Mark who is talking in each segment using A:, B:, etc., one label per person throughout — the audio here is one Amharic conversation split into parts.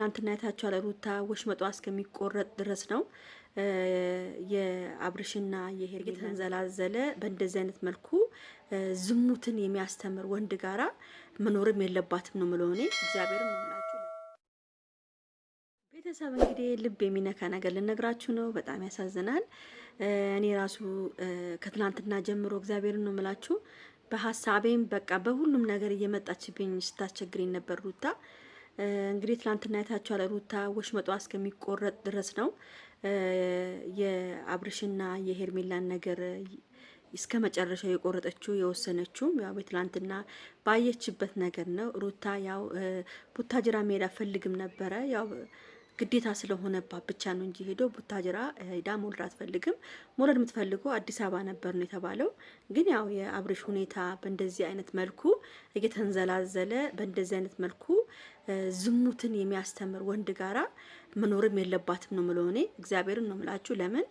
A: ትናንትና የታችኋል ሩታ ወሽመጧ እስከሚቆረጥ ድረስ ነው። የአብርሽና የሄር የተንዘላዘለ በእንደዚህ አይነት መልኩ ዝሙትን የሚያስተምር ወንድ ጋራ መኖርም የለባትም ነው ምለው እኔ እግዚአብሔር ቤተሰብ እንግዲህ ልብ የሚነካ ነገር ልነግራችሁ ነው። በጣም ያሳዝናል። እኔ ራሱ ከትናንትና ጀምሮ እግዚአብሔርን ነው ምላችሁ በሀሳቤም በቃ በሁሉም ነገር እየመጣችብኝ ስታስቸግረኝ ነበር ሩታ እንግዲህ ትላንትና አይታችኋል። ሩታ ወሽመጧ እስከሚቆረጥ ድረስ ነው የአብርሽና የሄርሜላን ነገር እስከ መጨረሻው የቆረጠችው የወሰነችውም ያው በትላንትና ባየችበት ነገር ነው። ሩታ ያው ቡታጅራ መሄድ አፈልግም ነበረ ያው ግዴታ ስለሆነባት ብቻ ነው እንጂ ሄዶ ቡታጅራ ሄዳ መውለድ አትፈልግም። መውለድ የምትፈልገው አዲስ አበባ ነበር ነው የተባለው። ግን ያው የአብርሽ ሁኔታ በእንደዚህ አይነት መልኩ እየተንዘላዘለ በእንደዚህ አይነት መልኩ ዝሙትን የሚያስተምር ወንድ ጋራ መኖርም የለባትም ነው ምለው። እኔ እግዚአብሔርን ነው ምላችሁ። ለምን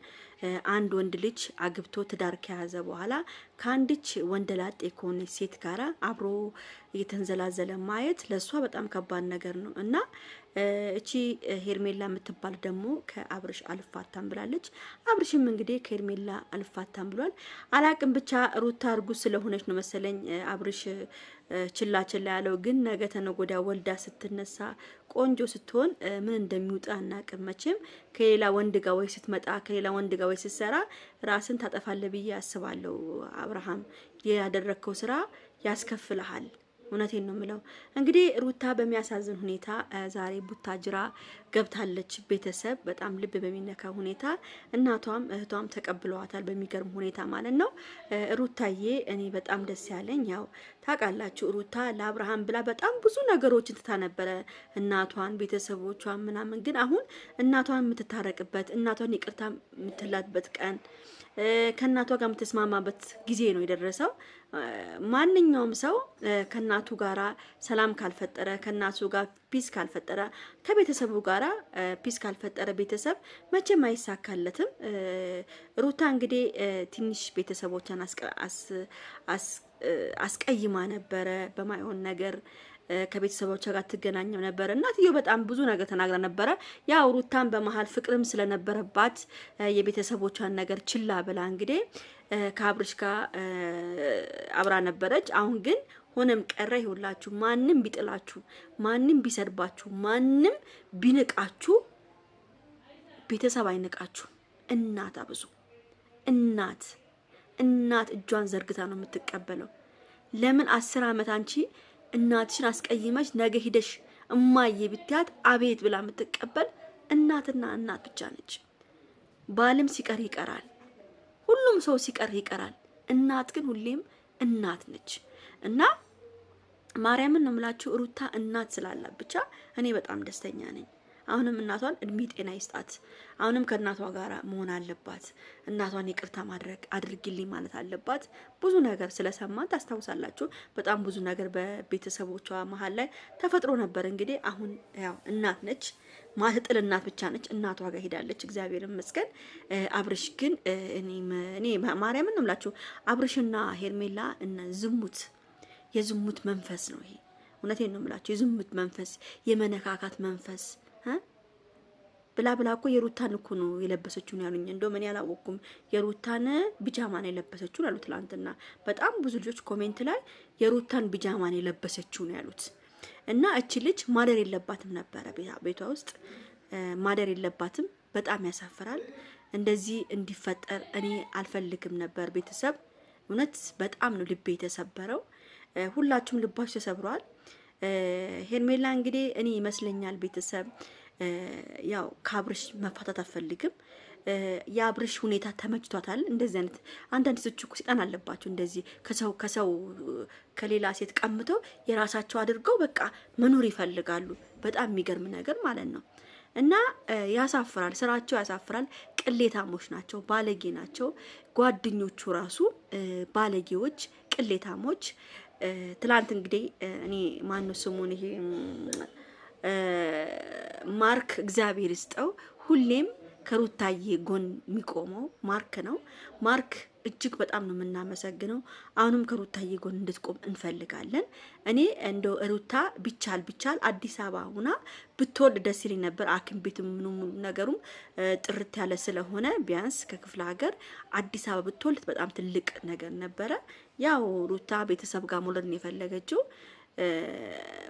A: አንድ ወንድ ልጅ አግብቶ ትዳር ከያዘ በኋላ ከአንድች ወንደላጤ ከሆነች ሴት ጋራ አብሮ እየተንዘላዘለ ማየት ለእሷ በጣም ከባድ ነገር ነው እና እቺ ሄርሜላ የምትባል ደግሞ ከአብርሽ አልፋታም ብላለች። አብርሽም እንግዲህ ከሄርሜላ አልፋታም ብሏል። አላቅም ብቻ ሩታ እርጉ ስለሆነች ነው መሰለኝ አብርሽ ችላ ችላ ያለው። ግን ነገ ተነጎዳ ወልዳ ስት ስትነሳ ቆንጆ ስትሆን ምን እንደሚውጣ አናቅም። መቼም ከሌላ ወንድ ጋር ወይ ስትመጣ ከሌላ ወንድ ጋር ወይ ስትሰራ ራስን ታጠፋለ ብዬ አስባለሁ። አብርሃም ያደረግከው ስራ ያስከፍልሃል። እውነቴን ነው የምለው። እንግዲህ ሩታ በሚያሳዝን ሁኔታ ዛሬ ቡታጅራ ገብታለች። ቤተሰብ በጣም ልብ በሚነካ ሁኔታ እናቷም እህቷም ተቀብለዋታል፣ በሚገርም ሁኔታ ማለት ነው። ሩታዬ እኔ በጣም ደስ ያለኝ ያው ታውቃላችሁ፣ ሩታ ለአብርሃም ብላ በጣም ብዙ ነገሮችን ትታ ነበረ፣ እናቷን፣ ቤተሰቦቿን ምናምን። ግን አሁን እናቷን የምትታረቅበት እናቷን ይቅርታ የምትላትበት ቀን ከእናቷ ጋር የምትስማማበት ጊዜ ነው የደረሰው። ማንኛውም ሰው ከእናቱ ጋራ ሰላም ካልፈጠረ ከእናቱ ጋር ፒስ ካልፈጠረ ከቤተሰቡ ጋራ ፒስ ካልፈጠረ ቤተሰብ መቼም አይሳካለትም። ሩታ እንግዲህ ትንሽ ቤተሰቦቿን አስቀይማ ነበረ በማይሆን ነገር ከቤተሰቦቿ ጋር ትገናኘው ነበረ። እናትየው በጣም ብዙ ነገር ተናግራ ነበረ። ያው ሩታን በመሀል ፍቅርም ስለነበረባት የቤተሰቦቿን ነገር ችላ ብላ እንግዲህ ከአብርሽ ጋር አብራ ነበረች። አሁን ግን ሆነም ቀረ ይሁላችሁ፣ ማንም ቢጥላችሁ፣ ማንም ቢሰድባችሁ፣ ማንም ቢንቃችሁ፣ ቤተሰብ አይንቃችሁ። እናት አብዙ እናት እናት እጇን ዘርግታ ነው የምትቀበለው። ለምን አስር ዓመት አንቺ እናትሽን አስቀይመች ነገ ሂደሽ እማዬ ብትያት አቤት ብላ የምትቀበል እናትና እናት ብቻ ነች። ባልም ሲቀር ይቀራል። ሁሉም ሰው ሲቀር ይቀራል። እናት ግን ሁሌም እናት ነች እና ማርያምን ነው የምላችሁ ሩታ እናት ስላላት ብቻ እኔ በጣም ደስተኛ ነኝ። አሁንም እናቷን እድሜ ጤና ይስጣት። አሁንም ከእናቷ ጋር መሆን አለባት። እናቷን ይቅርታ ማድረግ አድርግልኝ ማለት አለባት። ብዙ ነገር ስለሰማን ታስታውሳላችሁ። በጣም ብዙ ነገር በቤተሰቦቿ መሀል ላይ ተፈጥሮ ነበር። እንግዲህ አሁን ያው እናት ነች፣ ማትጥል እናት ብቻ ነች። እናቷ ጋር ሄዳለች። እግዚአብሔር ይመስገን። አብርሽ ግን እኔ ማርያም እንምላችሁ፣ አብርሽና ሄርሜላ ዝሙት የዝሙት መንፈስ ነው ይሄ። እውነቴን ነው የምላችሁ የዝሙት መንፈስ የመነካካት መንፈስ ብላ ብላ እኮ የሩታን እኮ ነው የለበሰችው ነው ያሉኝ። እንደውም እኔ አላወቅኩም የሩታን ቢጃማን የለበሰችው ነው ትላንትና በጣም ብዙ ልጆች ኮሜንት ላይ የሩታን ቢጃማን የለበሰችው ነው ያሉት። እና እቺ ልጅ ማደር የለባትም ነበረ ቤቷ ውስጥ ማደር የለባትም። በጣም ያሳፍራል። እንደዚህ እንዲፈጠር እኔ አልፈልግም ነበር። ቤተሰብ እውነት በጣም ነው ልቤ የተሰበረው። ሁላችሁም ልባችሁ ተሰብረዋል። ሄርሜላ እንግዲህ እኔ ይመስለኛል ቤተሰብ ያው ከአብርሽ መፋታት አትፈልግም። የአብርሽ ሁኔታ ተመችቷታል። እንደዚህ አይነት አንዳንድ ሴቶች እኮ ሰይጣን አለባቸው። እንደዚህ ከሰው ከሰው ከሌላ ሴት ቀምተው የራሳቸው አድርገው በቃ መኖር ይፈልጋሉ። በጣም የሚገርም ነገር ማለት ነው። እና ያሳፍራል፣ ስራቸው ያሳፍራል። ቅሌታሞች ናቸው፣ ባለጌ ናቸው። ጓደኞቹ ራሱ ባለጌዎች፣ ቅሌታሞች ትላንት እንግዲህ እኔ ማነው ስሙን ይሄ ማርክ እግዚአብሔር ይስጠው ሁሌም ከሩታዬ ጎን የሚቆመው ማርክ ነው። ማርክ እጅግ በጣም ነው የምናመሰግነው። አሁንም ከሩታዬ ጎን እንድትቆም እንፈልጋለን። እኔ እንደ ሩታ ቢቻል ቢቻል አዲስ አበባ ሁና ብትወልድ ደስ ይለኝ ነበር። አክም ቤት ምኑም ነገሩም ጥርት ያለ ስለሆነ ቢያንስ ከክፍለ ሀገር አዲስ አበባ ብትወልድ በጣም ትልቅ ነገር ነበረ። ያው ሩታ ቤተሰብ ጋር መውለድ ነው የፈለገችው።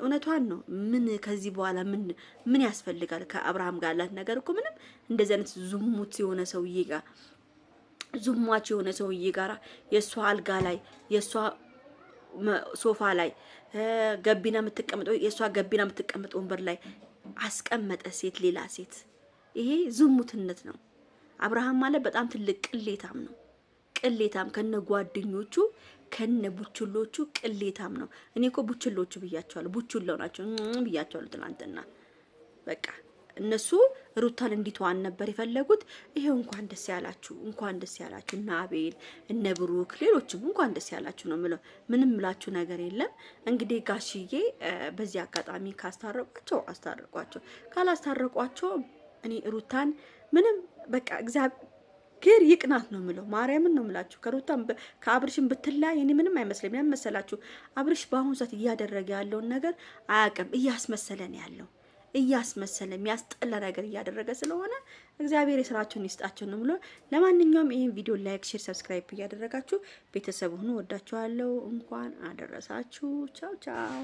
A: እውነቷን ነው። ምን ከዚህ በኋላ ምን ምን ያስፈልጋል? ከአብርሃም ጋር ያላት ነገር እኮ ምንም እንደዚህ አይነት ዝሙት የሆነ ሰውዬ ጋር ዙማች የሆነ ሰውዬ ጋራ የእሷ አልጋ ላይ የእሷ ሶፋ ላይ ገቢና የምትቀምጠው የእሷ ገቢና የምትቀምጠው ወንበር ላይ አስቀመጠ ሴት ሌላ ሴት። ይሄ ዝሙትነት ነው። አብርሃም ማለት በጣም ትልቅ ቅሌታም ነው። ቅሌታም ከነ ጓደኞቹ ከነ ቡችሎቹ ቅሌታም ነው። እኔ እኮ ቡችሎቹ ብያቸዋለሁ፣ ቡችላው ናቸው ብያቸዋለሁ ትናንትና። በቃ እነሱ ሩታን እንዲተዋን ነበር የፈለጉት። ይሄው እንኳን ደስ ያላችሁ፣ እንኳን ደስ ያላችሁ እነ አቤል እነ ብሩክ፣ ሌሎችም እንኳን ደስ ያላችሁ ነው ምለው። ምንም ምላችሁ ነገር የለም። እንግዲህ ጋሽዬ በዚህ አጋጣሚ ካስታረቋቸው አስታረቋቸው፣ ካላስታረቋቸው እኔ ሩታን ምንም በቃ እግዚአብሔር ይቅናት ነው የምለው። ማርያምን ነው የምላችሁ። ከሩታን ከአብርሽን ብትለያይ እኔ ምንም አይመስለኝ። ያመሰላችሁ አብርሽ በአሁኑ ሰዓት እያደረገ ያለውን ነገር አያውቅም። እያስመሰለን ያለው እያስመሰለ የሚያስጠላ ነገር እያደረገ ስለሆነ እግዚአብሔር የስራቸውን ይስጣቸው ነው ብሎ። ለማንኛውም ይህን ቪዲዮ ላይክ፣ ሼር፣ ሰብስክራይብ እያደረጋችሁ ቤተሰብ ሁኑ። ወዳችኋለሁ። እንኳን አደረሳችሁ። ቻው ቻው።